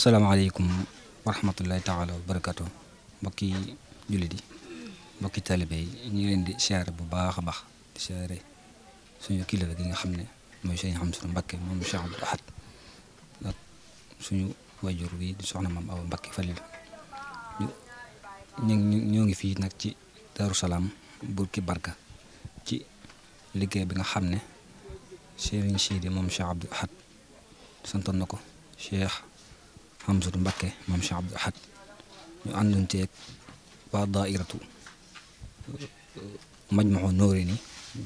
salaamaaleykum wa rahmatullahi taala wa barakaatu mbokki jullit yi mbokki taalibe yi ñu ngi leen di siyaare bu baax a baax di suñu kilifa gi nga xam ne mooy Sëriñ Hamsatu Mbakke moom Cheikh Abdou ak suñu wajur wi di soxna maam Awa Mbakke Falil ngi fii nag ci Daaru Salaam Burki Barka ci liggéey bi nga xam ne Sëriñ Sidi moom Cheikh Abdou Ahad santoon na ko Cheikh Hamsatu Mbakke maam Cheikh Abdou Ahad ñu àndanteeg waa daairatu Majmahun Nurayni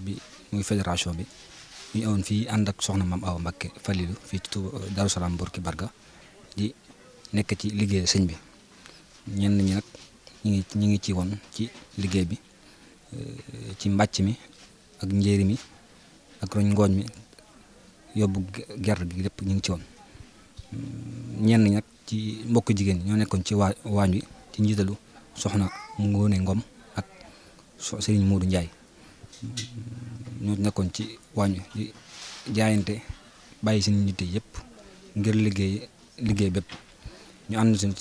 bi muy fédération bi ñu awoon fii ànd ak soxna maam Awa Mbakke Falilu fii ci Tuuba euh, Burki Barga di nekk ci liggéey sëñ bi ñenn ñi nag ñu ngi ñu ngi ci woon ci liggéey bi euh, ci mbàcc mi ak njéeri mi ak roñ ngooñ mi yóbbu gerte bi lépp ñu ngi ci woon ñenn nag ci mbokk jigéen ñoo nekkoon ci waa waañ wi ci njiitalu soxna Ngoone Ngom ak Serigne Modou Ndiaye ñoo nekkoon ci waañ bàyyi seen njiite yëpp ngir liggéey liggéey bépp ñu ànd suñ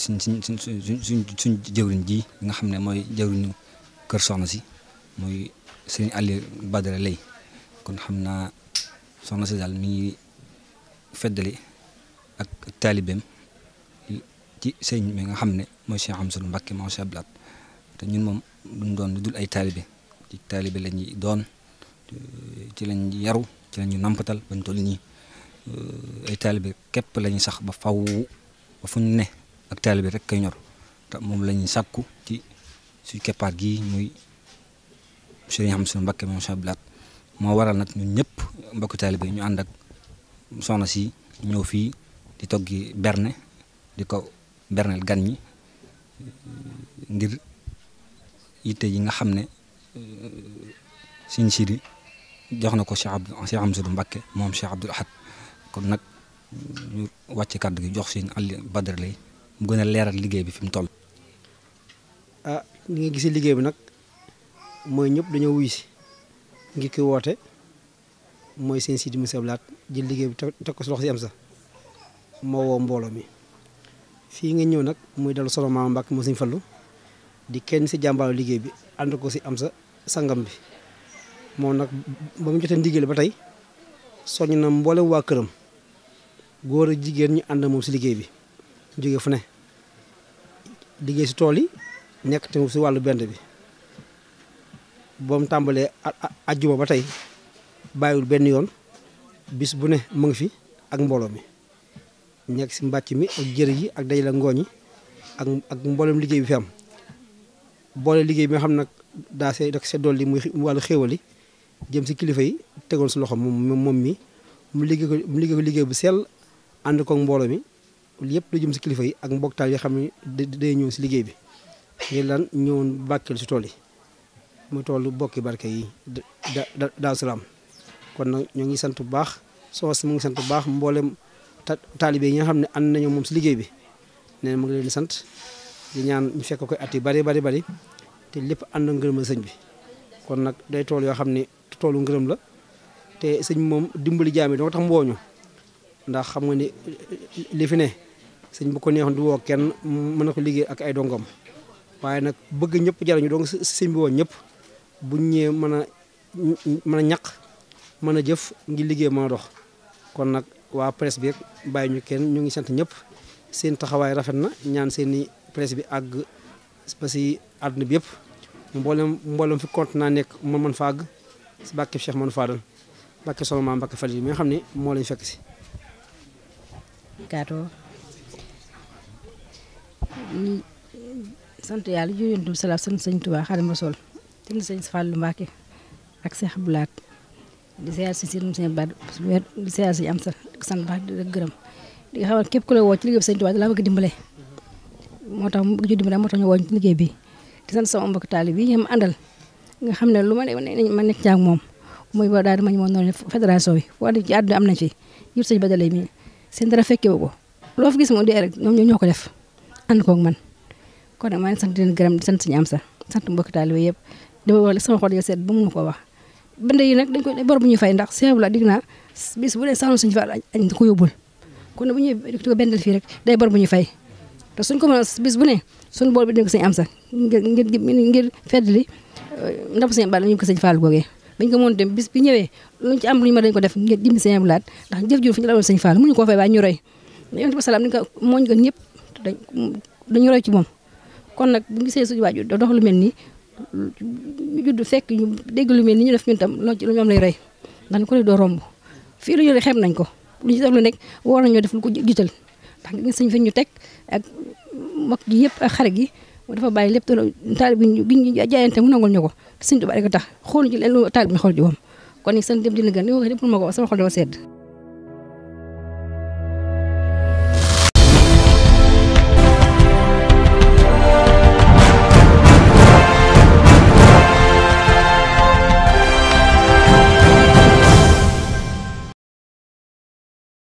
suñ ji nga xam ne mooy jëwriñu kër soxna si muy Serigne Aliou Badara Lay kon xam naa soxna si daal mi ngi ak taalibeem ci sëñ mi nga xam ne mooy Cheikh Amsatou Mbacké mooy Cheikh Abdoulaye te ñun moom duñ doon dul ay taalibe ci taalibe la ñuy doon ci lañ yaru ci lañu nampatal bañ toll nii ay taalibe képp la sax ba faw ba ne ak taalibe rek kay ñor te moom la ñuy sàkku ci suñ keppaar gii muy Serigne Amsatou Mbacké mooy Cheikh moo waral nag ñun ñëpp mbokki taalibe ñu ànd ak soxna si ñëw fii di toggi berne di ko berneel gan ñi ngir yitte yi nga xam ne euh, Sëriñ Sidi jox na ko Cheikh Abdou Cheikh Amsadou moom Cheikh Abdoul kon nag ñu wàcc kàddu gi jox Sëriñ Aliou Badara Lay mu gën a leeral liggéey bi fi mu toll. ah li nga gisee liggéey bi nag mooy ñëpp dañoo wuyu si ngir ki woote mooy Sëriñ Sidi mu seblaat jël liggéey bi teg ko si si am sax moo woo mbooloo mi fii nga ñëw nag muy dal solo maam Mbàkke moo Fallu di kenn si jàmbaaru liggéey bi ànd ko si am sa sangam bi moom nag ba mu jotee ndigal ba tey soññ na mboolem waa këram góor ak jigéen ñu ànd moom si liggéey bi jóge fu ne liggéey si tool yi nekk te si wàllu bend bi ba mu tàmbalee ajjuma ba tey bàyyiwul benn yoon bis bu ne mu ngi fi ak mbooloo mi nekk si mbàcc mi ak jërë yi ak dajale ngooñ yi ak ak mboolem liggéey bi fi am boole liggéey bi nga xam nag daa see dak seddool li muy wàllu xéewal jëm si kilifa yi tegoon si loxo moom moom mi mu liggéey ko mu liggéey liggéey bu sell ànd ko mbooloo mi yëpp lu jëm si kilifa yi ak mbokktaal yoo xam ne day ñëw si liggéey bi ngir lan ñëwoon bàkkeel si tool yi mu toolu bokki barke yi da da daa kon nag ñoo ngi sant bu baax soos mu ngi sant bu baax taalibe yi nga xam ne ànd nañu moom si liggéey bi nee na mu ngi leen di sant di ñaan ñu fekk koy at yu bari bari bari te lépp ànd ngërëmal sëñ bi kon nag day tool yoo xam ne toolu ngërëm la te sëñ moom dimbali jaam yi doo tax ndax xam nga ni li fi ne sëñ bu ko neexoon du woo kenn mën na ko liggéey ak ay dongom waaye nag bëgg ñëpp jariñu donc sëñ bi woo ñëpp bu ñëwee mën a mën a ñaq mën a jëf ngi liggéey mën a dox kon nag waa presse bi bàyyi ñu kenn ñu ngi sant ñëpp seen taxawaay rafet na ñaan seeni i bi àgg ba si àdduna bi yëpp mboolem mboolem fi compte naa nekk moom man fa àgg si bàkki Cheikh man Fadal bàkki sama maam bàkki Fadil mi xam ne moo lañ fekk si. gàtto sant yàlla jërëjëf Salaam sant sëñ ak Cheikh Abdoulaye. di ziar si sëñ Sëñ Bad di ziar si am sa sant baax di la gërëm di nga xam ne képp ku la woo ci liggéey bi sëñ Tuubaa laa bëgg dimbale moo tax mu bëgg dimbale moo tax ñu woo ci liggéey bi di sant sama mbokk taali bi ñoom àndal nga xam ne lu ma ne ma nekk ci ak moom muy ba daal di ma ñu noonu fédération bi foo ci àdduna am na ci yëpp sëñ Badalay mi seen dara fekke wu ko loo fi gis moom dee rek ñoom ñoo ko def ànd koog man kon nag maa ngi sant di leen gërëm di sant suñu am sa sant mbokk taali bi yëpp dama wax sama xol yow seet ba mun ma ko wax bande yi nag dañ koy bor bu ñuy fay ndax seex la dig naa bis bu dee sax suñu fa añ ko kon bu ñuy di ko bendal fii rek day bu ñuy fay suñ ko mën a bu ne suñu bool bi dinañ ko sëñ am sax ngir ngir ngir feddali euh, ndax sëñ Balla ñu ko sëñ Fall googee bañ ko mën dem bis bi ñëwee luñ ci am luñu ma dañ ko def ngir dimbi sëñ Abdu Lahat ndax jëf jur fu ñu la woon sëñ Fall mënuñu koo fay waaye ñu roy yonent bi salaam ni ko mooñ ko ñëpp dañu roy ci moom kon nag bu gisee suñu waajur dox lu mel nii ñu judd fekk ñu dégg lu mel ñu def ñun tam loo ci lu ñoom lay rey ndax ñu ko def doo romb fii lu ñu xeeb nañ ko lu ñu def lu nekk war nañoo def lu ko jiital ndax nga gis ñu teg ak mag gi yëpp ak gi dafa bàyyi lépp taalib gi ñu gi jaayante mu nangul ñu ko tax xool ci leen lu taalib mi xool ji moom kon ni sant dem dina gën yow lépp ma ko sama xol dafa sedd